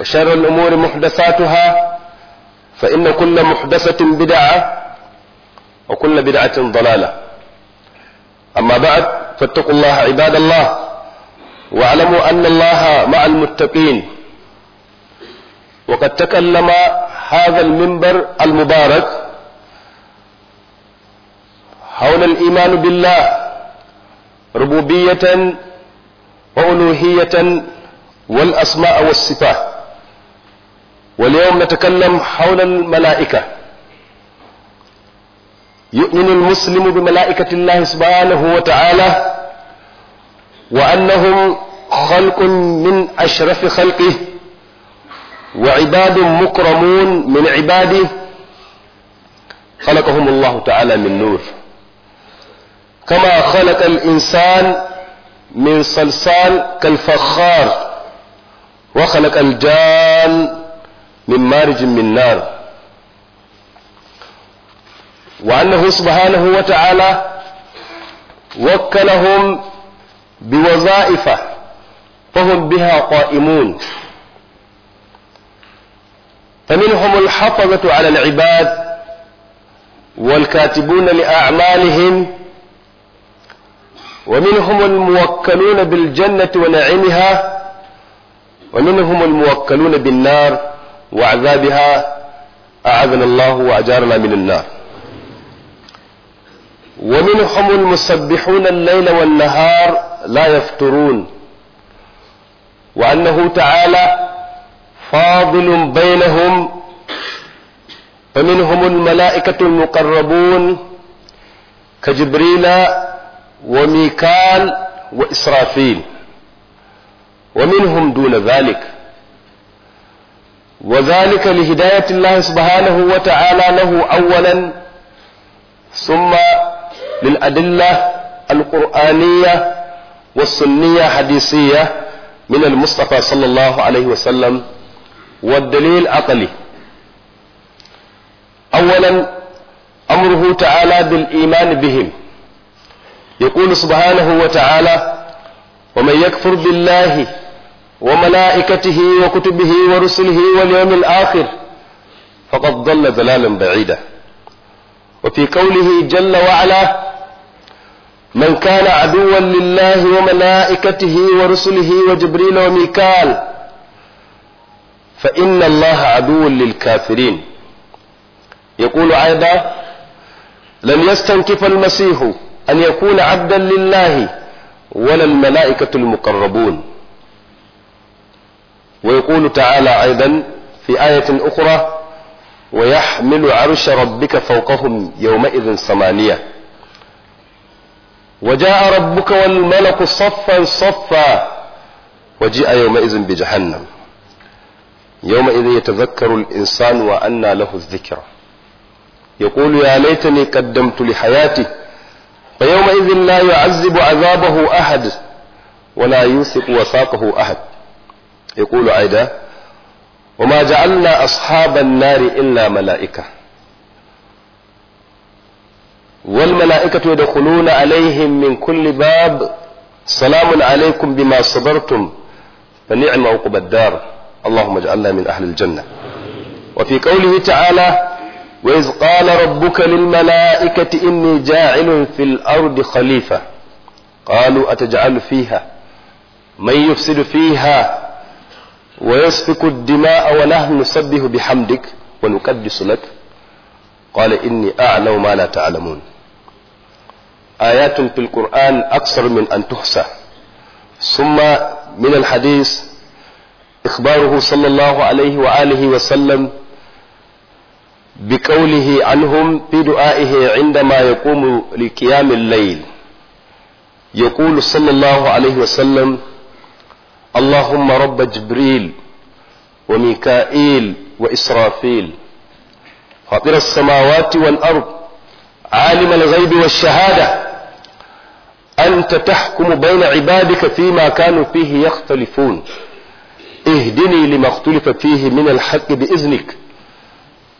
وشر الأمور محدثاتها فإن كل محدثة بدعة وكل بدعة ضلالة أما بعد فاتقوا الله عباد الله واعلموا أن الله مع المتقين وقد تكلم هذا المنبر المبارك حول الإيمان بالله ربوبية وألوهية والأسماء والصفات واليوم نتكلم حول الملائكة يؤمن المسلم بملائكة الله سبحانه وتعالى وأنهم خلق من أشرف خلقه وعباد مكرمون من عباده خلقهم الله تعالى من نور كما خلق الإنسان من صلصال كالفخار وخلق الجان من مارج من نار وأنه سبحانه وتعالى وكلهم بوظائف فهم بها قائمون فمنهم الحفظة على العباد والكاتبون لأعمالهم ومنهم الموكلون بالجنة ونعيمها ومنهم الموكلون بالنار وعذابها أعذنا الله وأجارنا من النار ومنهم المسبحون الليل والنهار لا يفترون وأنه تعالى فاضل بينهم فمنهم الملائكة المقربون كجبريل وميكال وإسرافيل ومنهم دون ذلك وذلك لهداية الله سبحانه وتعالى له أولا ثم للأدلة القرآنية والسنية حديثية من المصطفى صلى الله عليه وسلم والدليل عقلي أولا أمره تعالى بالإيمان بهم يقول سبحانه وتعالى ومن يكفر بالله وملائكته وكتبه ورسله واليوم الآخر فقد ضل ضلالا بعيدا وفي قوله جل وعلا من كان عدوا لله وملائكته ورسله وجبريل وميكال فإن الله عدو للكافرين يقول أيضا لم يستنكف المسيح أن يكون عبدا لله ولا الملائكة المقربون ويقول تعالى أيضا في آية أخرى ويحمل عرش ربك فوقهم يومئذ ثمانية وجاء ربك والملك صفا صفا وجاء يومئذ بجهنم يومئذ يتذكر الإنسان وأنى له الذكرى يقول يا ليتني قدمت لحياتي فيومئذ لا يعذب عذابه أحد ولا يوثق وثاقه أحد يقول عيدا وما جعلنا أصحاب النار إلا ملائكة والملائكة يدخلون عليهم من كل باب سلام عليكم بما صبرتم فنعم عقب الدار اللهم اجعلنا من أهل الجنة وفي قوله تعالى وإذ قال ربك للملائكة إني جاعل في الأرض خليفة قالوا أتجعل فيها من يفسد فيها ويسفك الدماء ونحن نسبه بحمدك ونقدس لك قال إني أعلم ما لا تعلمون آيات في القرآن أكثر من أن تحصى ثم من الحديث إخباره صلى الله عليه وآله وسلم بقوله عنهم في دعائه عندما يقوم لقيام الليل يقول صلى الله عليه وسلم اللهم رب جبريل وميكائيل وإسرافيل فاطر السماوات والأرض عالم الغيب والشهادة أنت تحكم بين عبادك فيما كانوا فيه يختلفون اهدني لما اختلف فيه من الحق بإذنك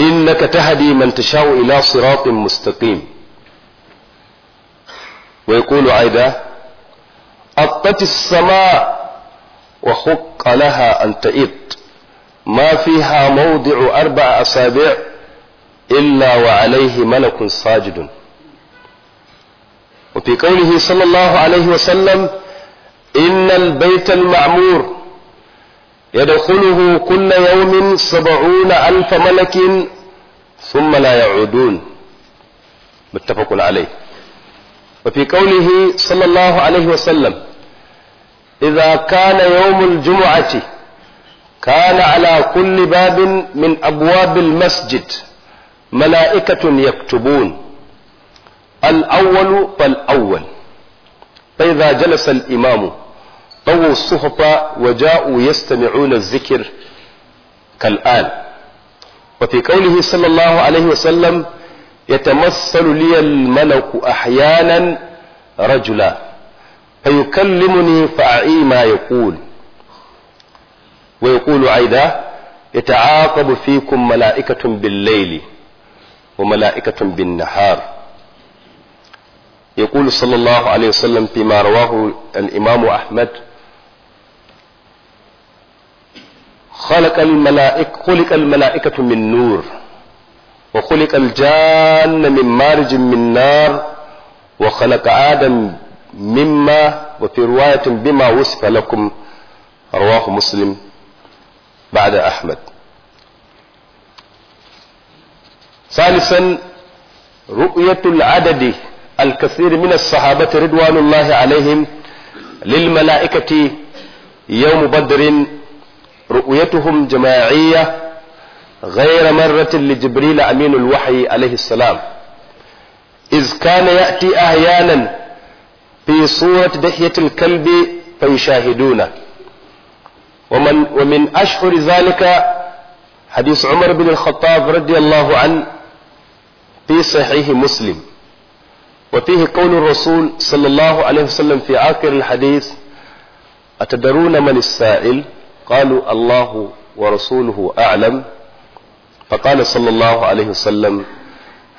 إنك تهدي من تشاء إلى صراط مستقيم ويقول عيدا أطت السماء وخق لها أن تئد ما فيها موضع أربع أصابع إلا وعليه ملك ساجد وفي قوله صلى الله عليه وسلم إن البيت المعمور يدخله كل يوم سبعون ألف ملك ثم لا يعودون متفق عليه وفي قوله صلى الله عليه وسلم إذا كان يوم الجمعة كان على كل باب من أبواب المسجد ملائكة يكتبون الأول فالأول فإذا جلس الإمام طووا الصحف وجاءوا يستمعون الذكر كالآن وفي قوله صلى الله عليه وسلم يتمثل لي الملك أحيانا رجلا فيكلمني فأعي ما يقول ويقول عيدا يتعاقب فيكم ملائكة بالليل وملائكة بالنهار يقول صلى الله عليه وسلم فيما رواه الإمام أحمد خلق الملائك خلق الملائكة من نور وخلق الجان من مارج من نار وخلق آدم مما وفي رواية بما وصف لكم رواه مسلم بعد أحمد ثالثا رؤية العدد الكثير من الصحابة رضوان الله عليهم للملائكة يوم بدر رؤيتهم جماعية غير مرة لجبريل أمين الوحي عليه السلام إذ كان يأتي أحيانا في صورة دحية الكلب فيشاهدونه ومن ومن أشهر ذلك حديث عمر بن الخطاب رضي الله عنه في صحيح مسلم وفيه قول الرسول صلى الله عليه وسلم في آخر الحديث أتدرون من السائل قالوا الله ورسوله أعلم فقال صلى الله عليه وسلم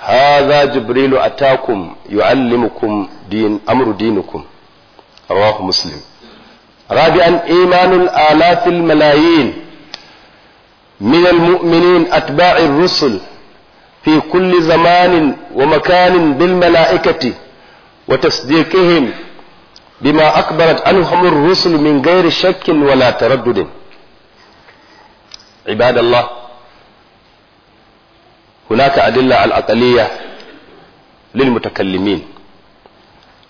هذا جبريل أتاكم يعلمكم دين أمر دينكم رواه مسلم رابعا إيمان الآلاف الملايين من المؤمنين أتباع الرسل في كل زمان ومكان بالملائكة وتصديقهم بما أكبرت عنهم الرسل من غير شك ولا تردد عباد الله هناك أدلة العقلية للمتكلمين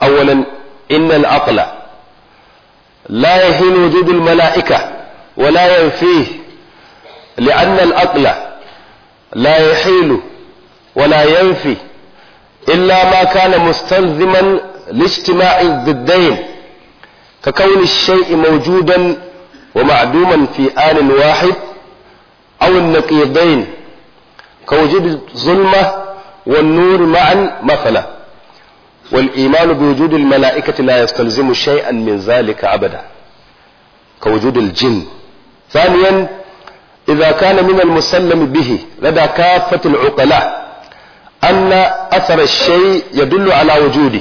أولا إن العقل لا يهين وجود الملائكة ولا ينفيه لأن العقل لا يحيل ولا ينفي إلا ما كان مستلزما لاجتماع الضدين ككون الشيء موجودا ومعدوما في آن واحد أو النقيضين كوجود الظلمة والنور معا مثلا والإيمان بوجود الملائكة لا يستلزم شيئا من ذلك أبدا كوجود الجن ثانيا إذا كان من المسلم به لدى كافة العقلاء أن أثر الشيء يدل على وجوده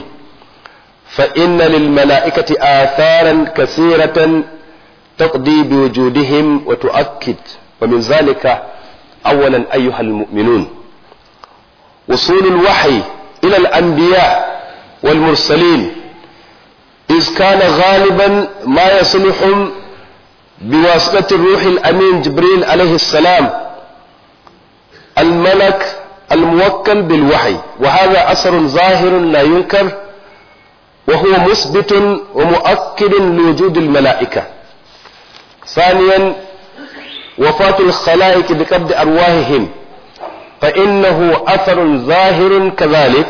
فإن للملائكة آثارا كثيرة تقضي بوجودهم وتؤكد ومن ذلك أولا أيها المؤمنون وصول الوحي إلى الأنبياء والمرسلين إذ كان غالبا ما يصلهم بواسطة الروح الأمين جبريل عليه السلام الملك الموكل بالوحي وهذا أثر ظاهر لا ينكر وهو مثبت ومؤكد لوجود الملائكة ثانيا وفاة الخلائق بقبض أرواحهم فإنه أثر ظاهر كذلك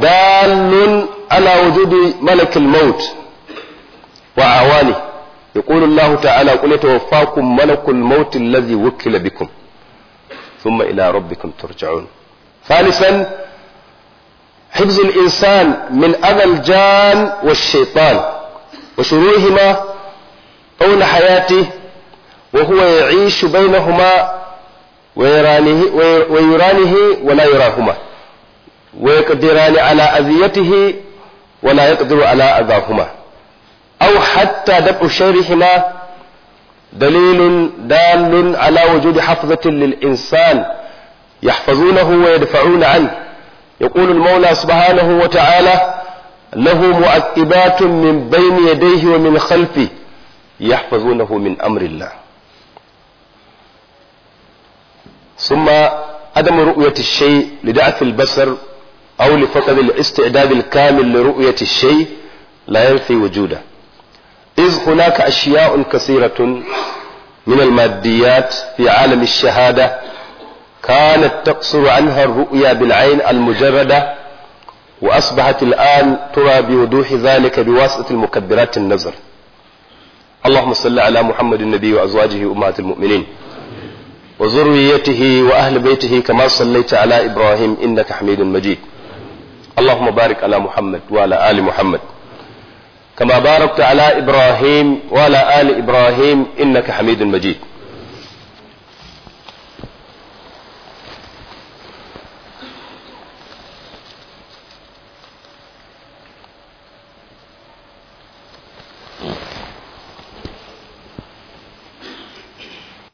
دال على وجود ملك الموت وأعوانه يقول الله تعالى قل يتوفاكم ملك الموت الذي وكل بكم ثم إلى ربكم ترجعون ثالثا حفظ الإنسان من أذى الجان والشيطان وشروهما طول حياته وهو يعيش بينهما ويرانه, ويرانه ولا يراهما ويقدران على أذيته ولا يقدر على أذاهما أو حتى دفع شرهما دليل دال على وجود حفظة للإنسان يحفظونه ويدفعون عنه يقول المولى سبحانه وتعالى له مؤكبات من بين يديه ومن خلفه يحفظونه من أمر الله ثم عدم رؤية الشيء لضعف البصر أو لفقد الاستعداد الكامل لرؤية الشيء لا ينفي وجوده إذ هناك أشياء كثيرة من الماديات في عالم الشهادة كانت تقصر عنها الرؤيا بالعين المجردة وأصبحت الآن ترى بوضوح ذلك بواسطة المكبرات النظر اللهم صل على محمد النبي وأزواجه أمهات المؤمنين وذريته وأهل بيته كما صليت على إبراهيم إنك حميد مجيد اللهم بارك على محمد وعلى آل محمد كما باركت على إبراهيم وعلى آل إبراهيم إنك حميد مجيد